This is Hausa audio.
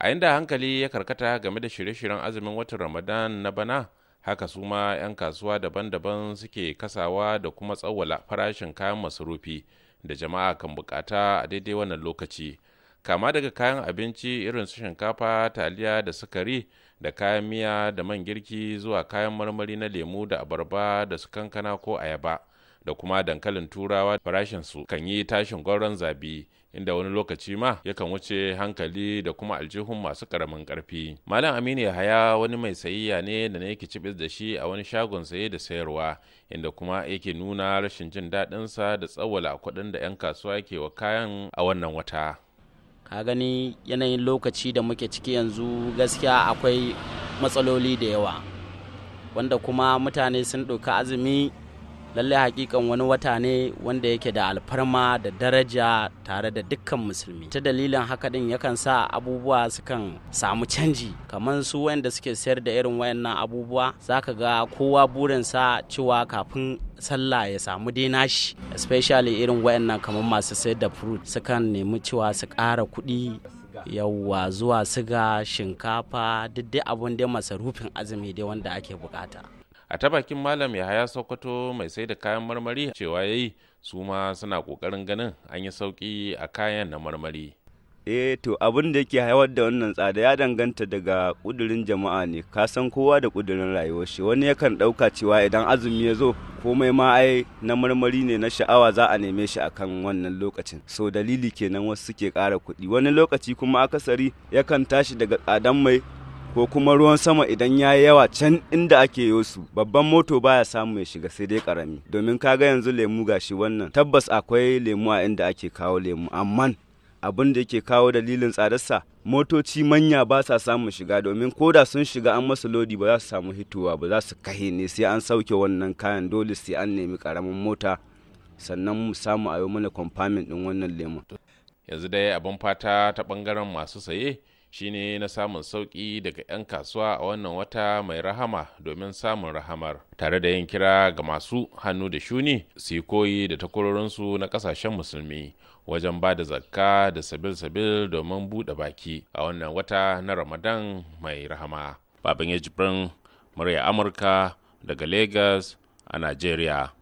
a inda hankali ya karkata game da shirye-shiryen azumin watan ramadan na bana haka su ma 'yan kasuwa daban-daban suke kasawa da kuma tsawwala farashin kayan masarufi da jama'a kan bukata a daidai wannan lokaci kama daga kayan abinci irin su shinkafa taliya da sukari da kayan miya da man girki zuwa kayan marmari na lemu da abarba da su kankana ko ayaba da kuma dankalin turawa farashin su kan yi tashin gwauron zabi inda wani lokaci ma yakan wuce hankali da kuma aljihun masu karamin karfi malam aminu yahaya wani mai sayayya ne da na yake cibis da shi a wani shagon saye da sayarwa inda kuma yake nuna rashin jin daɗinsa da tsawala kuɗin da 'yan kasuwa ke wa kayan a wannan wata ka gani yanayin lokaci da muke ciki yanzu gaskiya akwai matsaloli da yawa wanda kuma mutane sun ɗauki azumi lallai hakikan wani wata ne wanda yake da alfarma da daraja tare da dukkan musulmi ta dalilin haka din yakan sa abubuwa sukan samu canji kamar su wanda suke sayar da irin wayannan abubuwa zaka ga kowa burinsa cewa kafin sallah ya samu dai nashi especially irin wayannan kamar masu sayar da fruit sukan nemi cewa su kara kuɗi yawwa zuwa siga shinkafa duk dai abun dai masarufin azumi dai wanda ake bukata a ta bakin malam yahaya sokoto mai sai da kayan marmari cewa ya yi su ma suna kokarin ganin an yi sauki a kayan na marmari eh to abin da yake haifar da wannan tsada ya danganta daga kudurin jama'a ne ka san kowa da kudurin rayuwar shi wani yakan dauka cewa idan azumi ya zo komai ma ai na marmari ne na sha'awa za a neme shi akan wannan lokacin so dalili kenan wasu suke kara kuɗi wani lokaci kuma akasari yakan tashi daga tsadan mai ko kuma ruwan sama idan ya yi yawa can inda ake yo su babban moto baya samu ya shiga sai dai karami domin kaga yanzu lemu gashi wannan tabbas akwai lemu a inda ake kawo lemu amma abin da yake kawo dalilin tsadarsa motoci manya ba sa samun shiga domin ko da sun shiga an masu lodi ba za su samu hitowa ba za su kahe ne sai an sauke wannan kayan dole sai an nemi karamin mota sannan mu samu a yi mana kwamfamin din wannan lemu yanzu dai abin fata ta bangaren masu saye shine na samun sauƙi daga 'yan kasuwa a wannan wata mai rahama domin samun rahamar tare da yin kira ga masu hannu da shuni su yi koyi da takwarorinsu na ƙasashen musulmi wajen ba da zakka da sabil-sabil domin buɗe baki a wannan wata na ramadan mai rahama babin ya murya amurka daga Legas a nigeria